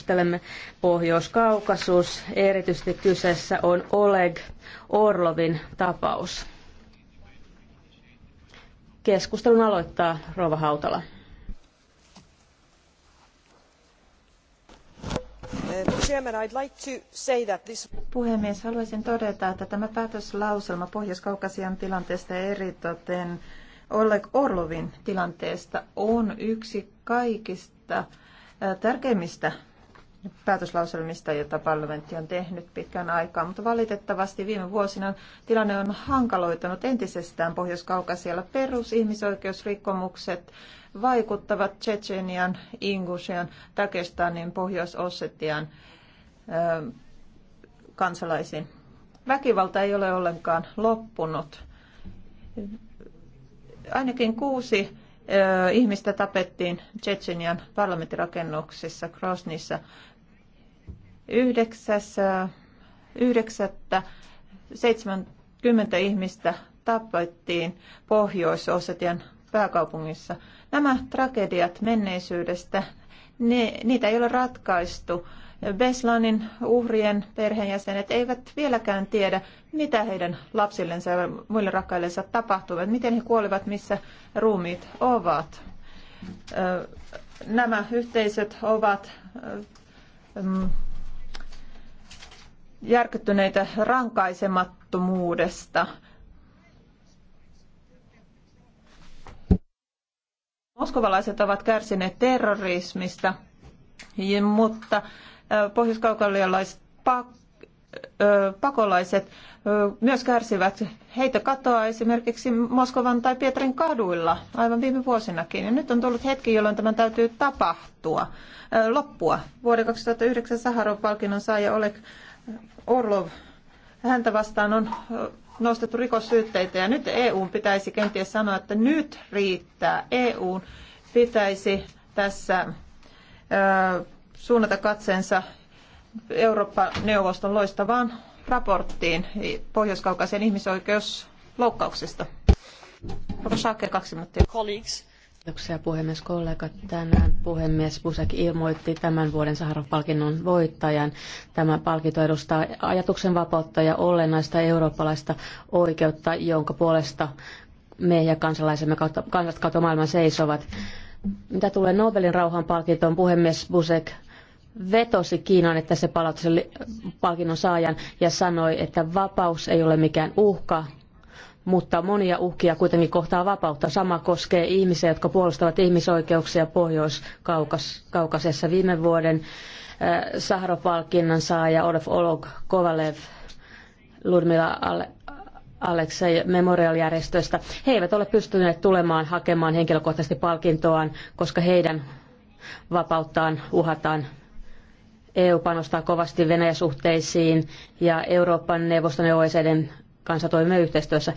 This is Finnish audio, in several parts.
keskustelemme Pohjois-Kaukasus. Erityisesti kyseessä on Oleg Orlovin tapaus. Keskustelun aloittaa Rova Hautala. Puhemies, haluaisin todeta, että tämä päätöslauselma Pohjois-Kaukasian tilanteesta ja eritoten Oleg Orlovin tilanteesta on yksi kaikista tärkeimmistä päätöslauselmista, jota parlamentti on tehnyt pitkän aikaa, mutta valitettavasti viime vuosina tilanne on hankaloitunut entisestään Pohjois-Kaukasialla. Perusihmisoikeusrikkomukset vaikuttavat Tsetsenian, Ingushian, Dagestanin, Pohjois-Ossetian kansalaisiin. Väkivalta ei ole ollenkaan loppunut. Ainakin kuusi ihmistä tapettiin Tsetsenian parlamenttirakennuksissa Krosnissa 70 ihmistä tapoittiin Pohjois-Ossetian pääkaupungissa. Nämä tragediat menneisyydestä, ne, niitä ei ole ratkaistu. Beslanin uhrien perheenjäsenet eivät vieläkään tiedä, mitä heidän lapsillensa ja muille rakkaillensa tapahtuu, miten he kuolivat, missä ruumiit ovat. Nämä yhteisöt ovat mm, järkyttyneitä rankaisemattomuudesta. Moskovalaiset ovat kärsineet terrorismista, mutta pohjois pakolaiset myös kärsivät. Heitä katoaa esimerkiksi Moskovan tai Pietarin kaduilla aivan viime vuosinakin. Ja nyt on tullut hetki, jolloin tämän täytyy tapahtua, loppua. Vuoden 2009 Saharov-palkinnon saaja Oleg Orlov, häntä vastaan on nostettu rikossyytteitä ja nyt EU pitäisi kenties sanoa, että nyt riittää. EU pitäisi tässä ö, suunnata katseensa Eurooppa-neuvoston loistavaan raporttiin Pohjois-Kaukaisen ihmisoikeusloukkauksesta. Provo Schaake, kaksi minuuttia. Colleagues. Kiitoksia puhemies kollegat. Tänään puhemies Busek ilmoitti tämän vuoden Saharov-palkinnon voittajan. Tämä palkinto edustaa ajatuksen vapautta ja olennaista eurooppalaista oikeutta, jonka puolesta me ja kansalaisemme kautta, kansat kautta maailman seisovat. Mitä tulee Nobelin rauhanpalkintoon, puhemies Busek vetosi Kiinan, että se palautti palkinnon saajan ja sanoi, että vapaus ei ole mikään uhka, mutta monia uhkia kuitenkin kohtaa vapautta. Sama koskee ihmisiä, jotka puolustavat ihmisoikeuksia Pohjois-Kaukasessa. Viime vuoden äh, Sahro-palkinnon saaja Olaf Olog Kovalev Ludmila Ale Aleksei Memorial-järjestöstä. He eivät ole pystyneet tulemaan hakemaan henkilökohtaisesti palkintoaan, koska heidän vapauttaan uhataan. EU panostaa kovasti Venäjä-suhteisiin ja Euroopan neuvoston ja OECDn kanssa toimimme yhteistyössä.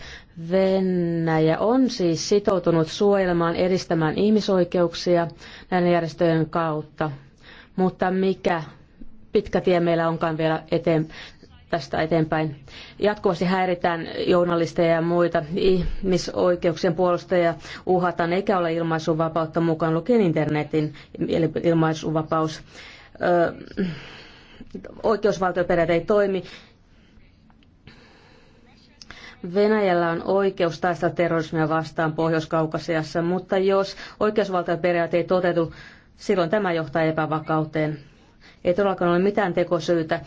Venäjä on siis sitoutunut suojelemaan, edistämään ihmisoikeuksia näiden järjestöjen kautta. Mutta mikä pitkä tie meillä onkaan vielä eteen, tästä eteenpäin. Jatkuvasti häiritään journalisteja ja muita ihmisoikeuksien puolustajia, uhataan eikä ole ilmaisuvapautta mukaan lukien internetin ilmaisuvapaus. Öö, oikeusvaltioperiaate ei toimi Venäjällä on oikeus taistella terrorismia vastaan Pohjois-Kaukasiassa, mutta jos oikeusvaltioperiaate ei toteutu, silloin tämä johtaa epävakauteen. Ei todellakaan ole mitään tekosyytä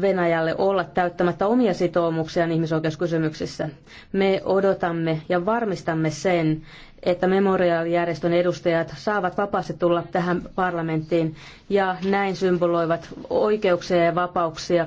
Venäjälle olla täyttämättä omia sitoumuksiaan ihmisoikeuskysymyksissä. Me odotamme ja varmistamme sen, että memoriaalijärjestön edustajat saavat vapaasti tulla tähän parlamenttiin ja näin symboloivat oikeuksia ja vapauksia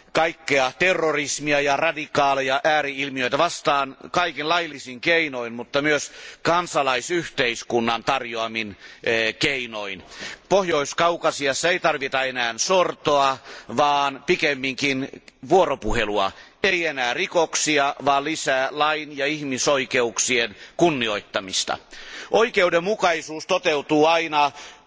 kaikkea terrorismia ja radikaaleja ääri ilmiöitä vastaan kaikin laillisin keinoin mutta myös kansalaisyhteiskunnan tarjoamin eh, keinoin. pohjois kaukasiassa ei tarvita enää sortoa vaan pikemminkin vuoropuhelua ei enää rikoksia vaan lisää lain ja ihmisoikeuksien kunnioittamista. oikeudenmukaisuus toteutuu aina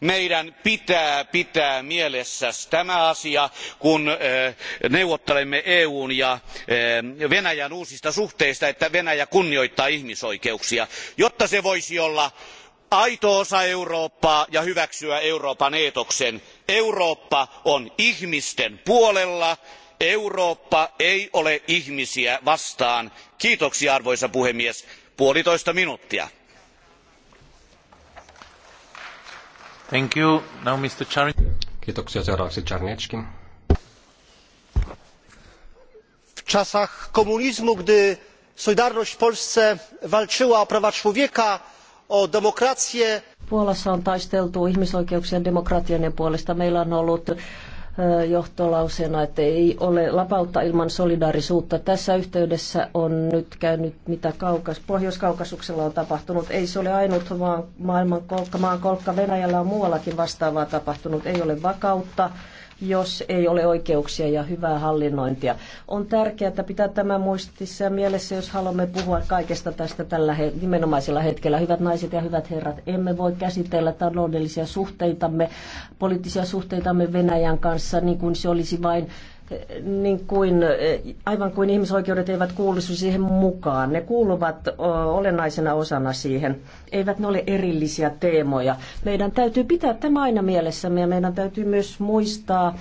meidän pitää pitää mielessä tämä asia kun neuvottelemme eu n ja venäjän uusista suhteista että venäjä kunnioittaa ihmisoikeuksia jotta se voisi olla aito osa eurooppaa ja hyväksyä euroopan eetoksen eurooppa on ihmisten puolella eurooppa ei ole ihmisiä vastaan. kiitoksia arvoisa puhemies puolitoista minuuttia. Thank you. Now Mr. Char- Kiitoksia seuraavaksi Czarniecki. W czasach komunizmu, gdy Solidarność w Polsce walczyła o prawa człowieka, o demokrację. Puolassa on taisteltu ihmisoikeuksien demokratian ja puolesta. Meillä on ollut johtolauseena, että ei ole lapautta ilman solidaarisuutta. Tässä yhteydessä on nyt käynyt, mitä kaukas, Pohjois-Kaukasuksella on tapahtunut. Ei se ole ainut vaan maailman kolkka, maan kolkka. Venäjällä on muuallakin vastaavaa tapahtunut. Ei ole vakautta jos ei ole oikeuksia ja hyvää hallinnointia. On tärkeää että pitää tämä muistissa ja mielessä, jos haluamme puhua kaikesta tästä tällä he, nimenomaisella hetkellä. Hyvät naiset ja hyvät herrat, emme voi käsitellä taloudellisia suhteitamme, poliittisia suhteitamme Venäjän kanssa, niin kuin se olisi vain niin kuin, aivan kuin ihmisoikeudet eivät kuuluisi siihen mukaan. Ne kuuluvat olennaisena osana siihen. Eivät ne ole erillisiä teemoja. Meidän täytyy pitää tämä aina mielessämme ja meidän täytyy myös muistaa,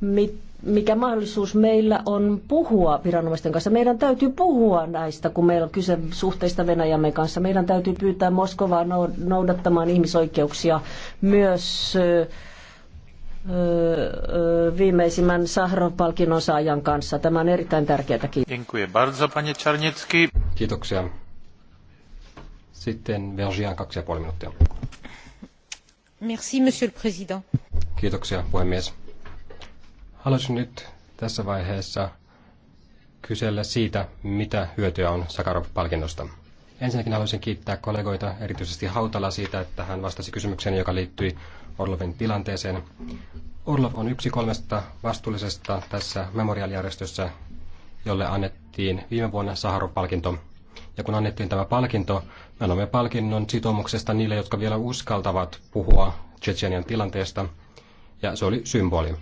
mit, mikä mahdollisuus meillä on puhua viranomaisten kanssa. Meidän täytyy puhua näistä, kun meillä on kyse suhteista Venäjämme kanssa. Meidän täytyy pyytää Moskovaa noudattamaan ihmisoikeuksia myös äh, viimeisimmän Sahrov-palkinnon saajan kanssa. Tämä on erittäin tärkeää. Kiitos. Kiitoksia. Sitten Vergian kaksi ja puoli minuuttia. Merci, monsieur le président. Kiitoksia, puhemies. Haluaisin nyt tässä vaiheessa kysellä siitä, mitä hyötyä on Sakarov-palkinnosta. Ensinnäkin haluaisin kiittää kollegoita, erityisesti Hautala siitä, että hän vastasi kysymykseen, joka liittyi Orlovin tilanteeseen. Orlov on yksi kolmesta vastuullisesta tässä memorialjärjestössä, jolle annettiin viime vuonna Saharov-palkinto. Ja kun annettiin tämä palkinto, me annamme palkinnon sitoumuksesta niille, jotka vielä uskaltavat puhua Tsetsenian tilanteesta. Ja se oli symboli,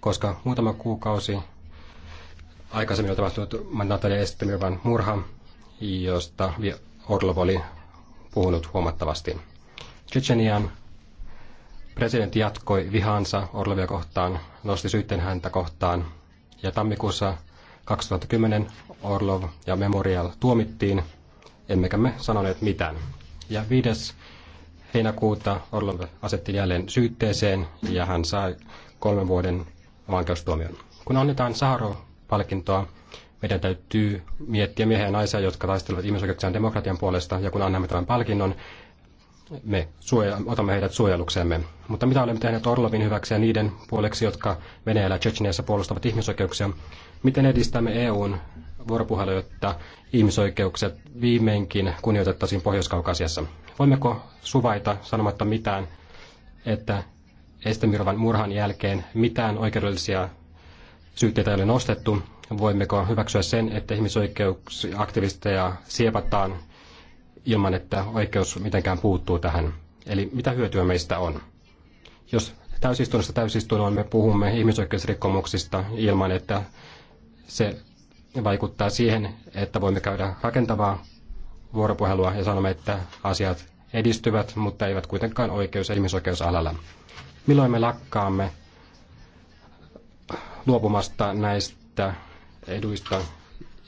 koska muutama kuukausi aikaisemmin on tapahtunut Natalia Estemirvan murha, josta Orlov oli puhunut huomattavasti. Tsetsenian Presidentti jatkoi vihansa Orlovia kohtaan, nosti syytteen häntä kohtaan ja tammikuussa 2010 Orlov ja Memorial tuomittiin, emmekä me sanoneet mitään. Ja 5. heinäkuuta Orlov asetti jälleen syytteeseen ja hän sai kolmen vuoden vankeustuomion. Kun annetaan Saharov-palkintoa, meidän täytyy miettiä miehiä ja naisia, jotka taistelevat ihmisoikeuksien demokratian puolesta, ja kun annamme tämän palkinnon, me suoja- otamme heidät suojeluksemme. Mutta mitä olemme tehneet Orlovin hyväksi ja niiden puoleksi, jotka Venäjällä ja Tsetseniassa puolustavat ihmisoikeuksia? Miten edistämme EUn vuoropuhelua, jotta ihmisoikeukset viimeinkin kunnioitettaisiin Pohjois-Kaukasiassa? Voimmeko suvaita sanomatta mitään, että Estemirovan murhan jälkeen mitään oikeudellisia syytteitä ei ole nostettu? Voimmeko hyväksyä sen, että ihmisoikeusaktivisteja siepataan ilman, että oikeus mitenkään puuttuu tähän. Eli mitä hyötyä meistä on? Jos täysistunnossa täysistunnolla me puhumme ihmisoikeusrikkomuksista ilman, että se vaikuttaa siihen, että voimme käydä rakentavaa vuoropuhelua ja sanomme, että asiat edistyvät, mutta eivät kuitenkaan oikeus- ja ihmisoikeusalalla. Milloin me lakkaamme luopumasta näistä eduista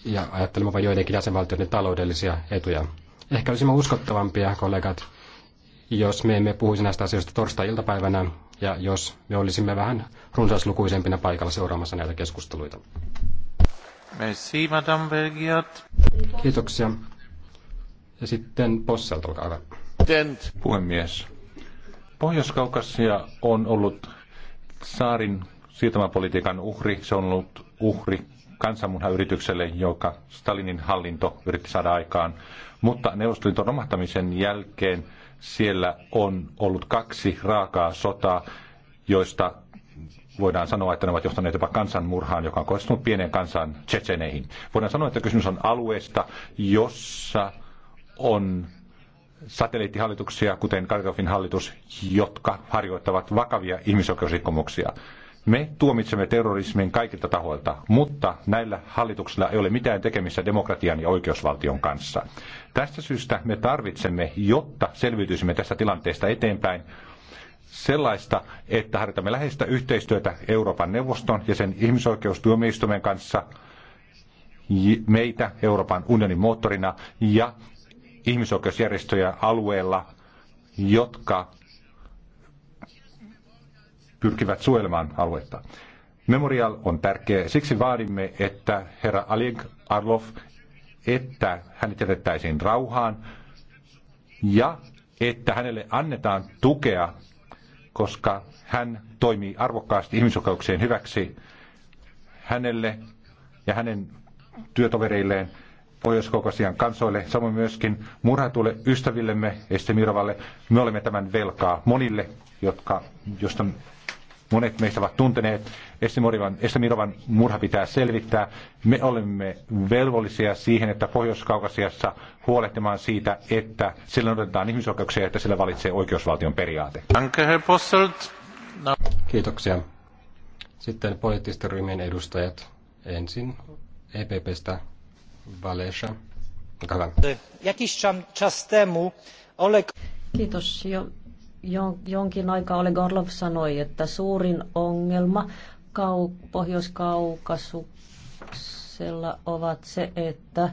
ja ajattelemme vain joidenkin jäsenvaltioiden taloudellisia etuja? Ehkä olisimme uskottavampia, kollegat, jos me emme puhuisi näistä asioista torstai-iltapäivänä ja jos me olisimme vähän runsaslukuisempina paikalla seuraamassa näitä keskusteluita. Merci, Madame Vergiat. Kiitoksia. Ja sitten Posselt, olkaa hyvä. Puhemies. Pohjois-Kaukasia on ollut saarin siirtomapolitiikan uhri. Se on ollut uhri kansanmunhayritykselle, joka Stalinin hallinto yritti saada aikaan. Mutta Neuvostoliiton romahtamisen jälkeen siellä on ollut kaksi raakaa sotaa, joista voidaan sanoa, että ne ovat johtaneet jopa kansanmurhaan, joka on kohdistunut pienen kansan tsetseneihin. Voidaan sanoa, että kysymys on alueesta, jossa on satelliittihallituksia, kuten Karkovin hallitus, jotka harjoittavat vakavia ihmisoikeusrikkomuksia. Me tuomitsemme terrorismin kaikilta tahoilta, mutta näillä hallituksilla ei ole mitään tekemistä demokratian ja oikeusvaltion kanssa. Tästä syystä me tarvitsemme, jotta selviytyisimme tästä tilanteesta eteenpäin, sellaista, että harjoitamme läheistä yhteistyötä Euroopan neuvoston ja sen ihmisoikeustuomioistuimen kanssa, meitä Euroopan unionin moottorina ja ihmisoikeusjärjestöjä alueella, jotka pyrkivät suojelemaan aluetta. Memorial on tärkeä, siksi vaadimme, että herra Alig Arlov, että hänet jätettäisiin rauhaan ja että hänelle annetaan tukea, koska hän toimii arvokkaasti ihmisoikeuksien hyväksi hänelle ja hänen työtovereilleen pohjois kansoille, samoin myöskin murhatulle ystävillemme Estemirovalle. Me olemme tämän velkaa monille, jotka, josta monet meistä ovat tunteneet. Estemirovan, murha pitää selvittää. Me olemme velvollisia siihen, että Pohjois-Kaukasiassa huolehtimaan siitä, että sillä otetaan ihmisoikeuksia ja että sillä valitsee oikeusvaltion periaate. No. Kiitoksia. Sitten poliittisten ryhmien edustajat. Ensin EPPstä Valesha. Hyvä. Jakiś czas temu Oleg... Kiitos. Jo, jo, jonkin aikaa Oleg Orlov sanoi, että suurin ongelma kau, Pohjois-Kaukasuksella ovat se, että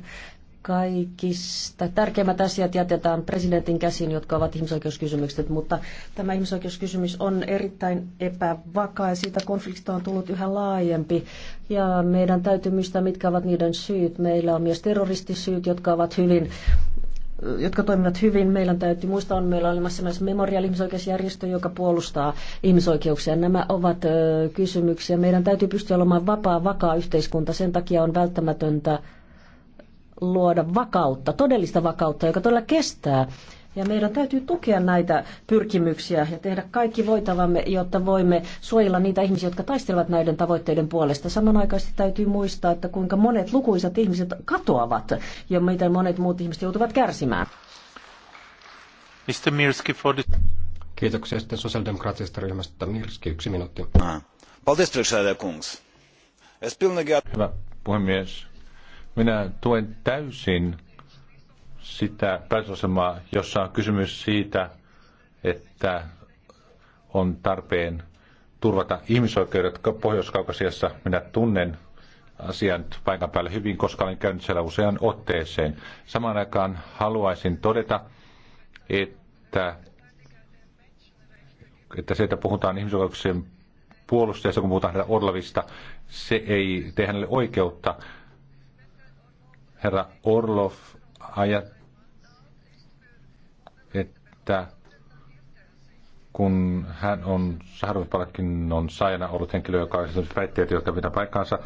kaikista tärkeimmät asiat jätetään presidentin käsiin, jotka ovat ihmisoikeuskysymykset, mutta tämä ihmisoikeuskysymys on erittäin epävakaa ja siitä konfliktista on tullut yhä laajempi. Ja meidän täytyy muistaa, mitkä ovat niiden syyt. Meillä on myös terroristisyyt, jotka ovat hyvin jotka toimivat hyvin. Meillä täytyy muistaa, on meillä on olemassa myös Memorial ihmisoikeusjärjestö, joka puolustaa ihmisoikeuksia. Nämä ovat ö, kysymyksiä. Meidän täytyy pystyä olemaan vapaa, vakaa yhteiskunta. Sen takia on välttämätöntä luoda vakautta, todellista vakautta, joka todella kestää. Ja meidän täytyy tukea näitä pyrkimyksiä ja tehdä kaikki voitavamme, jotta voimme suojella niitä ihmisiä, jotka taistelevat näiden tavoitteiden puolesta. Samanaikaisesti täytyy muistaa, että kuinka monet lukuisat ihmiset katoavat ja miten monet muut ihmiset joutuvat kärsimään. Mr. Mirski for the... Kiitoksia sitten sosiaalidemokraattisesta ryhmästä. Mirski, yksi minuutti. Hyvä puhemies. Minä tuen täysin sitä päätösasemaa, jossa on kysymys siitä, että on tarpeen turvata ihmisoikeudet Pohjois-Kaukasiassa. Minä tunnen asian paikan päällä hyvin, koska olen käynyt siellä usean otteeseen. Samaan aikaan haluaisin todeta, että, että se, että puhutaan ihmisoikeuksien puolustajasta, kun puhutaan Orlavista, se ei tee hänelle oikeutta herra Orlov ajat, että kun hän on saharov saajana ollut henkilö, joka on esimerkiksi väitteet, jotka pitää paikkaansa,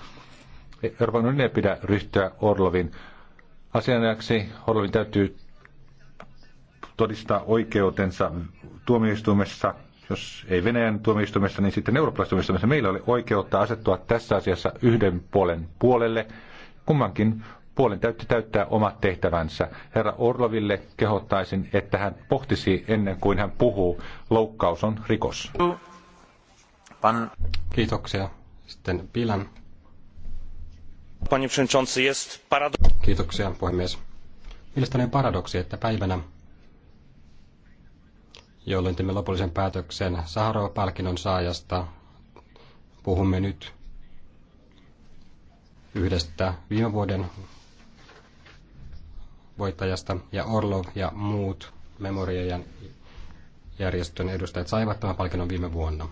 Euroopan unioni ei pidä ryhtyä Orlovin asianajaksi. Orlovin täytyy todistaa oikeutensa tuomioistuimessa. Jos ei Venäjän tuomioistuimessa, niin sitten eurooppalaisessa tuomioistuimessa meillä oli oikeutta asettua tässä asiassa yhden puolen puolelle. Kummankin puolen täytti täyttää omat tehtävänsä. Herra Orloville kehottaisin, että hän pohtisi ennen kuin hän puhuu. Loukkaus on rikos. Pan... Kiitoksia. Sitten Pilan. Kiitoksia, puhemies. Mielestäni on paradoksi, että päivänä, jolloin teemme lopullisen päätöksen Saharova-palkinnon saajasta, puhumme nyt yhdestä viime vuoden voittajasta ja Orlov ja muut memoriajan järjestön edustajat saivat tämän palkinnon viime vuonna.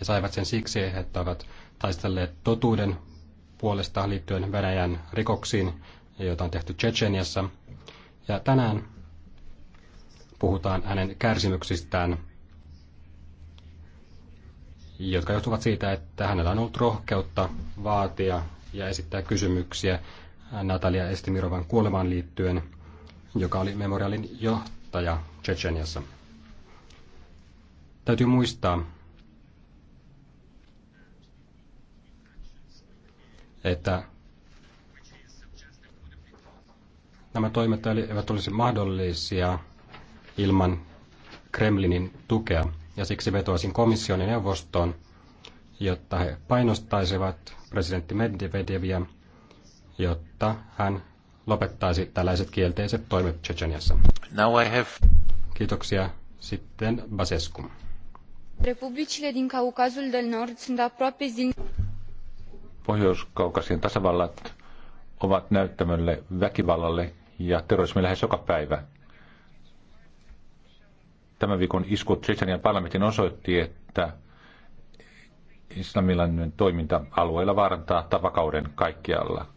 He saivat sen siksi, että ovat taistelleet totuuden puolesta liittyen Venäjän rikoksiin, joita on tehty Tsecheniassa. Ja tänään puhutaan hänen kärsimyksistään, jotka johtuvat siitä, että hänellä on ollut rohkeutta vaatia ja esittää kysymyksiä Natalia Estimirovan kuolemaan liittyen, joka oli memorialin johtaja Tsetseniassa. Täytyy muistaa, että nämä toimet eivät olisi mahdollisia ilman Kremlinin tukea, ja siksi vetoaisin komission ja neuvostoon, jotta he painostaisivat presidentti Medvedeviä jotta hän lopettaisi tällaiset kielteiset toimet Tsetseniassa. Now I have... Kiitoksia. Sitten Basescu. Republicile din Kaukasul del Nord sunt aproape zil... Pohjois-Kaukasian tasavallat ovat näyttämölle väkivallalle ja terrorismi lähes joka päivä. Tämän viikon isku Tsetsenian parlamentin osoitti, että islamilainen toiminta alueella vaarantaa tavakauden kaikkialla –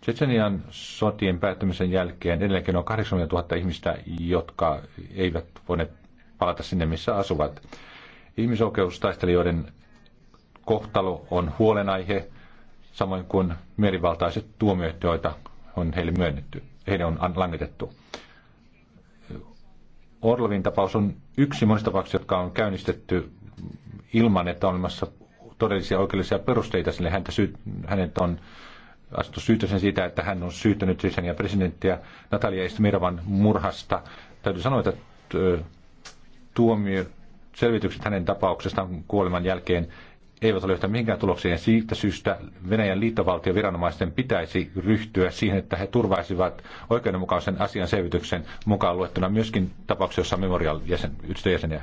Tsetsenian sotien päättymisen jälkeen edelleenkin on 80 000 ihmistä, jotka eivät voineet palata sinne, missä asuvat. Ihmisoikeustaistelijoiden kohtalo on huolenaihe, samoin kuin merivaltaiset tuomiot, joita on heille myönnetty, heidän on langetettu. Orlovin tapaus on yksi monista tapauksista, jotka on käynnistetty ilman, että on olemassa todellisia oikeudellisia perusteita, sille. häntä syy, hänet on astui syytösen siitä, että hän on syyttänyt Tsitsenian presidenttiä Natalia Istmirovan murhasta. Täytyy sanoa, että tuomio, selvitykset hänen tapauksestaan kuoleman jälkeen eivät ole yhtään mihinkään tulokseen. Siitä syystä Venäjän liittovaltioviranomaisten pitäisi ryhtyä siihen, että he turvaisivat oikeudenmukaisen asian selvityksen mukaan luettuna myöskin tapauksessa, jossa on Memorial jäsen, jäseniä.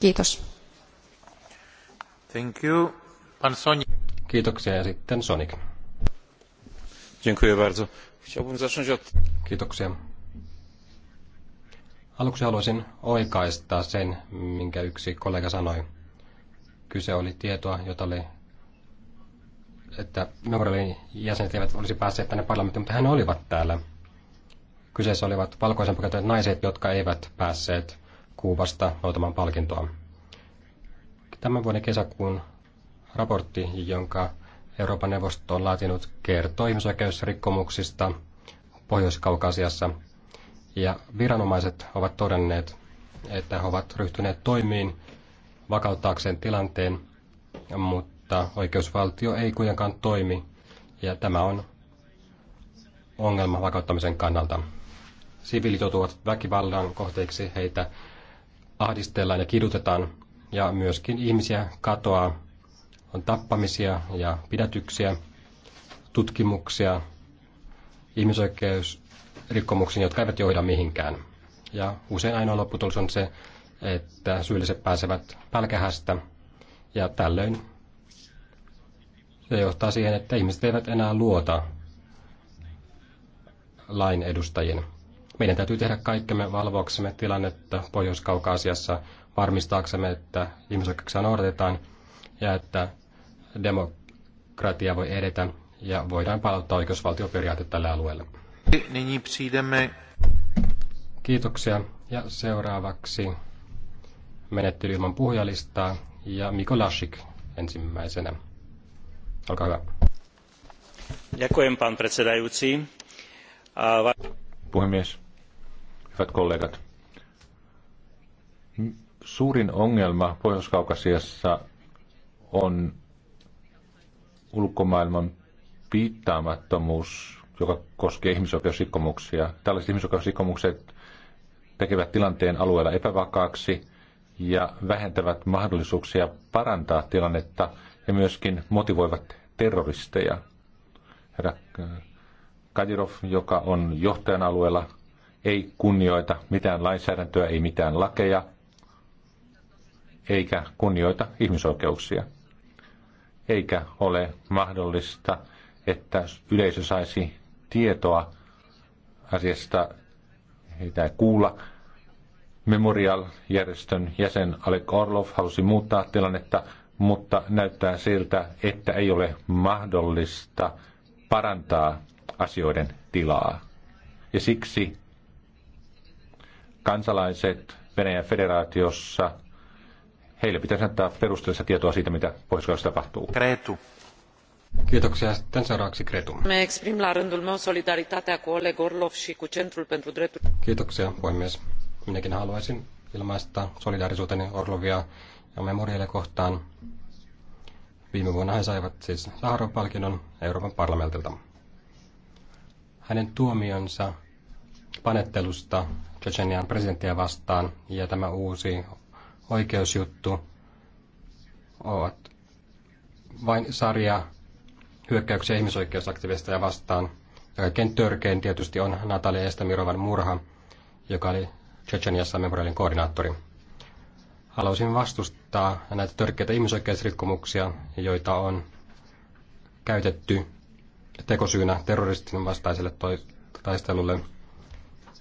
Kiitos. Thank you. Pan Sonic. Kiitoksia ja sitten Sonic. Dziękuję bardzo. Chciałbym zacząć od... Kiitoksia. Aluksi haluaisin oikaista sen, minkä yksi kollega sanoi. Kyse oli tietoa, jota oli, että Memorialin jäsenet eivät olisi päässeet tänne parlamenttiin, mutta he olivat täällä. Kyseessä olivat valkoisen naiset, jotka eivät päässeet Kuubasta noutamaan palkintoa. Tämän vuoden kesäkuun raportti, jonka Euroopan neuvosto on laatinut, kertoo ihmisoikeusrikkomuksista Pohjois-Kaukasiassa. Ja viranomaiset ovat todenneet, että he ovat ryhtyneet toimiin vakauttaakseen tilanteen, mutta oikeusvaltio ei kuitenkaan toimi, ja tämä on ongelma vakauttamisen kannalta. Siviilit joutuvat väkivallan kohteiksi, heitä ahdistellaan ja kidutetaan ja myöskin ihmisiä katoaa. On tappamisia ja pidätyksiä, tutkimuksia, ihmisoikeusrikkomuksia, jotka eivät johda mihinkään. Ja usein ainoa lopputulos on se, että syylliset pääsevät pälkähästä ja tällöin se johtaa siihen, että ihmiset eivät enää luota lain edustajien. Meidän täytyy tehdä kaikkemme valvoaksemme tilannetta Pohjois-Kaukaasiassa varmistaaksemme, että ihmisoikeuksia noudatetaan ja että demokratia voi edetä ja voidaan palauttaa oikeusvaltioperiaate tälle alueelle. Kiitoksia. Ja seuraavaksi menettely ilman puhujalistaa ja Miko Lashik ensimmäisenä. Olkaa hyvä. Ďakujem, pán predsedajúci. Puhemies, hyvät kollegat. Suurin ongelma Pohjois-Kaukasiassa on ulkomaailman piittaamattomuus, joka koskee ihmisoikeusrikkomuksia. Tällaiset ihmisoikeusrikkomukset tekevät tilanteen alueella epävakaaksi ja vähentävät mahdollisuuksia parantaa tilannetta ja myöskin motivoivat terroristeja. Herra Kadirov, joka on johtajan alueella, ei kunnioita mitään lainsäädäntöä, ei mitään lakeja, eikä kunnioita ihmisoikeuksia. Eikä ole mahdollista, että yleisö saisi tietoa asiasta, mitä kuulla. Memorial-järjestön jäsen Alek Orlov halusi muuttaa tilannetta, mutta näyttää siltä, että ei ole mahdollista parantaa asioiden tilaa. Ja siksi kansalaiset Venäjän federaatiossa, heille pitäisi antaa perusteellista tietoa siitä, mitä pohjois tapahtuu. Kretu. Kiitoksia. Sitten seuraavaksi Kretu. Me exprim la rândul meu solidaritatea cu Oleg Orlov și cu Centrul pentru Drepturi. Kiitoksia, puhemies. Minäkin haluaisin ilmaista solidaarisuuteni Orlovia ja Memorialle kohtaan. Viime vuonna he saivat siis Saharon palkinnon Euroopan parlamentilta hänen tuomionsa panettelusta Tsetsenian presidenttiä vastaan ja tämä uusi oikeusjuttu ovat vain sarja hyökkäyksiä ihmisoikeusaktivisteja vastaan. Kaikkein törkein tietysti on Natalia Estamirovan murha, joka oli Tsetseniassa Memorialin koordinaattori. Haluaisin vastustaa näitä törkeitä ihmisoikeusrikkomuksia, joita on käytetty tekosyynä terroristin vastaiselle taistelulle.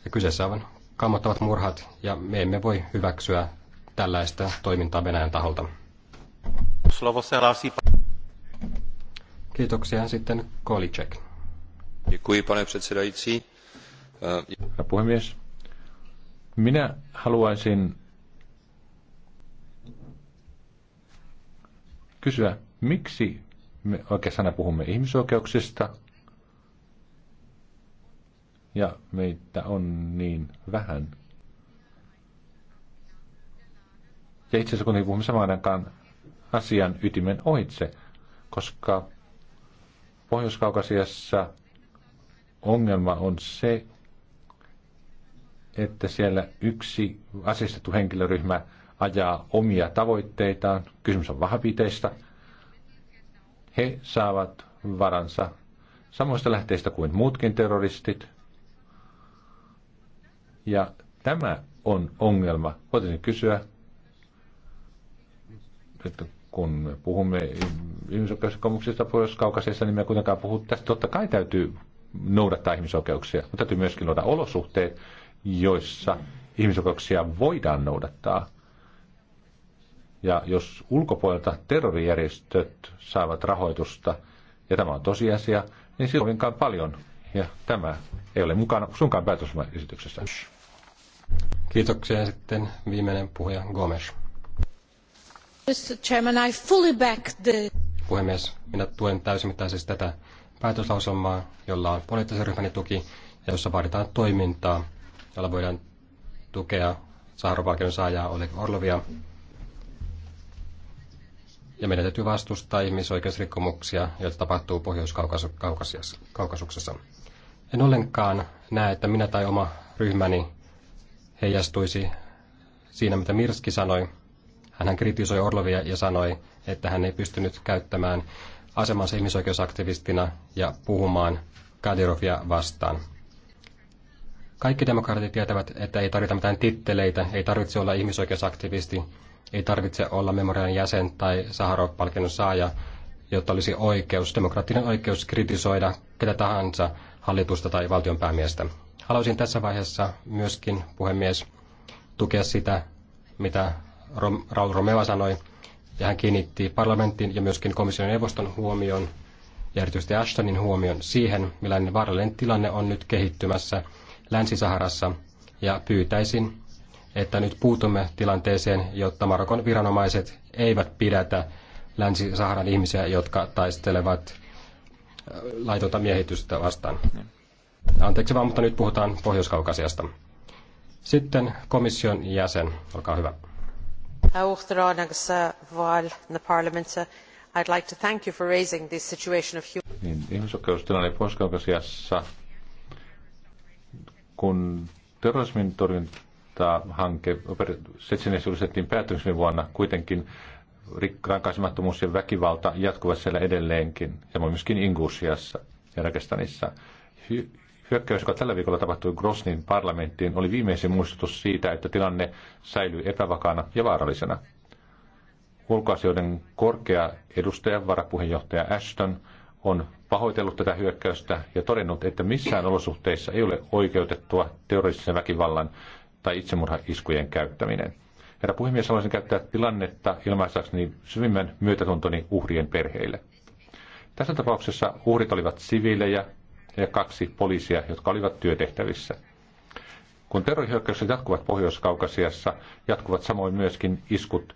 Ja kyseessä on kammottavat murhat ja me emme voi hyväksyä tällaista toimintaa Venäjän taholta. Kiitoksia sitten Kolicek. Děkuji, pane předsedající. Herra puhemies, minä haluaisin kysyä, miksi me oikeastaan puhumme ihmisoikeuksista, ja meitä on niin vähän. Ja itse asiassa kun puhumme samaan asian ytimen ohitse, koska Pohjois-Kaukasiassa ongelma on se, että siellä yksi asistettu henkilöryhmä ajaa omia tavoitteitaan. Kysymys on vahapiteistä. He saavat varansa samoista lähteistä kuin muutkin terroristit. Ja tämä on ongelma. Voitaisiin kysyä, että kun me puhumme ihmisoikeuskomuksista Pohjois-Kaukasiassa, niin me kuitenkaan puhu tästä. Totta kai täytyy noudattaa ihmisoikeuksia, mutta täytyy myöskin luoda olosuhteet, joissa ihmisoikeuksia voidaan noudattaa. Ja jos ulkopuolelta terrorijärjestöt saavat rahoitusta, ja tämä on tosiasia, niin silloin kovinkaan paljon. Ja tämä ei ole mukana sunkaan päätösesityksessä. Kiitoksia sitten viimeinen puhuja Gomes. Mr. Chairman, I fully back the... Puhemies, minä tuen täysimittaisesti tätä päätöslauselmaa, jolla on poliittisen ryhmäni tuki ja jossa vaaditaan toimintaa, jolla voidaan tukea Saharovalkion saajaa Oleg Orlovia ja meidän täytyy vastustaa ihmisoikeusrikkomuksia, joita tapahtuu Pohjois-Kaukasuksessa. En ollenkaan näe, että minä tai oma ryhmäni heijastuisi siinä, mitä Mirski sanoi. Hän kritisoi Orlovia ja sanoi, että hän ei pystynyt käyttämään asemansa ihmisoikeusaktivistina ja puhumaan Kadirovia vastaan. Kaikki demokraatit tietävät, että ei tarvita mitään titteleitä, ei tarvitse olla ihmisoikeusaktivisti, ei tarvitse olla memorian jäsen tai Saharov-palkinnon saaja, jotta olisi oikeus, demokraattinen oikeus kritisoida ketä tahansa hallitusta tai valtionpäämiestä. Haluaisin tässä vaiheessa myöskin, puhemies, tukea sitä, mitä Raul Romeva sanoi, ja hän kiinnitti parlamentin ja myöskin komission neuvoston huomion ja erityisesti Ashtonin huomion siihen, millainen vaarallinen tilanne on nyt kehittymässä Länsi-Saharassa, ja pyytäisin, että nyt puutumme tilanteeseen, jotta Marokon viranomaiset eivät pidätä Länsi-Saharan ihmisiä, jotka taistelevat äh, laitonta miehitystä vastaan. Niin. Anteeksi vaan, mutta nyt puhutaan Pohjois-Kaukasiasta. Sitten komission jäsen, olkaa hyvä. I'd like to thank you for raising this situation of human... Niin, ihmisoikeustilanne Pohjois-Kaukasiassa, kun terrorismin torjunta tota, hanke Setsinen julistettiin päättymisen vuonna kuitenkin rankaisemattomuus ja väkivalta jatkuvat siellä edelleenkin, ja myöskin Ingusiassa ja Rakestanissa. Hy- hyökkäys, joka tällä viikolla tapahtui Grosnin parlamenttiin, oli viimeisin muistutus siitä, että tilanne säilyy epävakaana ja vaarallisena. Ulkoasioiden korkea edustaja, varapuheenjohtaja Ashton, on pahoitellut tätä hyökkäystä ja todennut, että missään olosuhteissa ei ole oikeutettua terroristisen väkivallan tai itsemurhaiskujen käyttäminen. Herra puhemies, haluaisin käyttää tilannetta ilmaisakseni syvimmän myötätuntoni uhrien perheille. Tässä tapauksessa uhrit olivat siviilejä ja kaksi poliisia, jotka olivat työtehtävissä. Kun terrorihyökkäykset jatkuvat Pohjois-Kaukasiassa, jatkuvat samoin myöskin iskut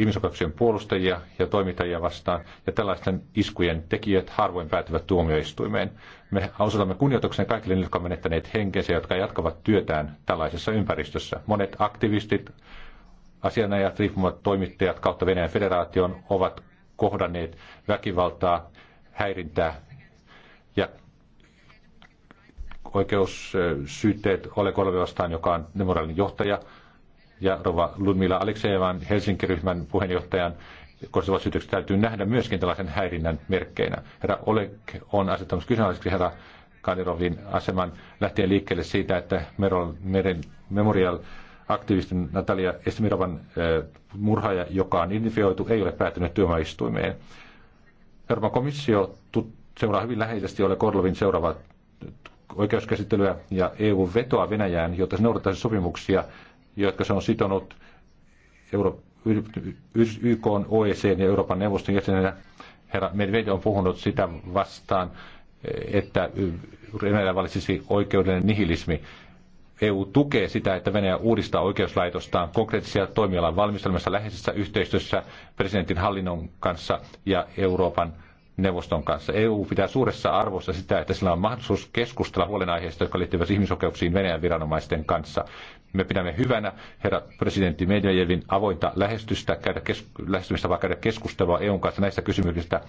ihmisoikeuksien puolustajia ja toimittajia vastaan, ja tällaisten iskujen tekijät harvoin päätyvät tuomioistuimeen. Me osoitamme kunnioituksen kaikille jotka ovat menettäneet henkensä, jotka jatkavat työtään tällaisessa ympäristössä. Monet aktivistit, asianajat, riippumat toimittajat kautta Venäjän federaation ovat kohdanneet väkivaltaa, häirintää ja oikeussyytteet Ole Kolve vastaan, joka on demoraalinen johtaja, ja Rova Ludmila Aleksejevan Helsinki-ryhmän puheenjohtajan koskevat syytökset täytyy nähdä myöskin tällaisen häirinnän merkkeinä. Herra Oleg on asettanut kyseenalaiseksi herra Kadirovin aseman lähtien liikkeelle siitä, että Merol, Meren Memorial aktivistin Natalia Estimirovan murhaaja, joka on identifioitu, ei ole päätynyt työmaistuimeen. Euroopan komissio seuraa hyvin läheisesti ole Korlovin seuraavaa oikeuskäsittelyä ja EU vetoaa Venäjään, jotta se noudattaisi sopimuksia, jotka se on sitonut Euro- YK, OECD ja Euroopan neuvoston jäsenenä. Herra Medvedev on puhunut sitä vastaan, että Venäjällä valitsisi oikeudellinen nihilismi. EU tukee sitä, että Venäjä uudistaa oikeuslaitostaan konkreettisia toimialan valmistelmassa läheisessä yhteistyössä presidentin hallinnon kanssa ja Euroopan neuvoston kanssa. EU pitää suuressa arvossa sitä, että sillä on mahdollisuus keskustella huolenaiheista, jotka liittyvät ihmisoikeuksiin Venäjän viranomaisten kanssa. Me pidämme hyvänä herra presidentti Medvedevin avointa lähestystä, käydä kesk- lähestymistä, vaan käydä keskustelua EUn kanssa näistä kysymyksistä.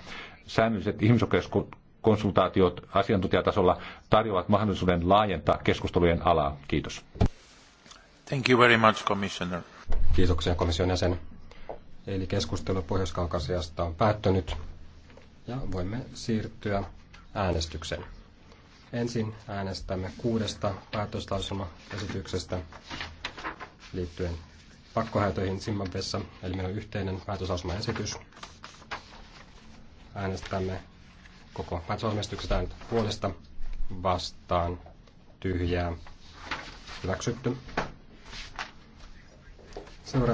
Säännölliset ihmisoikeuskonsultaatiot asiantuntijatasolla tarjoavat mahdollisuuden laajentaa keskustelujen alaa. Kiitos. Thank you very much, Commissioner. Kiitoksia komission jäsen. Eli keskustelu Pohjois-Kaukasiasta on päättynyt ja voimme siirtyä äänestykseen. Ensin äänestämme kuudesta päätöslauselmaesityksestä liittyen pakkohäytöihin Zimbabwessa, eli meillä on yhteinen päätöslauselmaesitys. Äänestämme koko päätöslausumaesityksestä puolesta vastaan tyhjää hyväksytty. Seuraava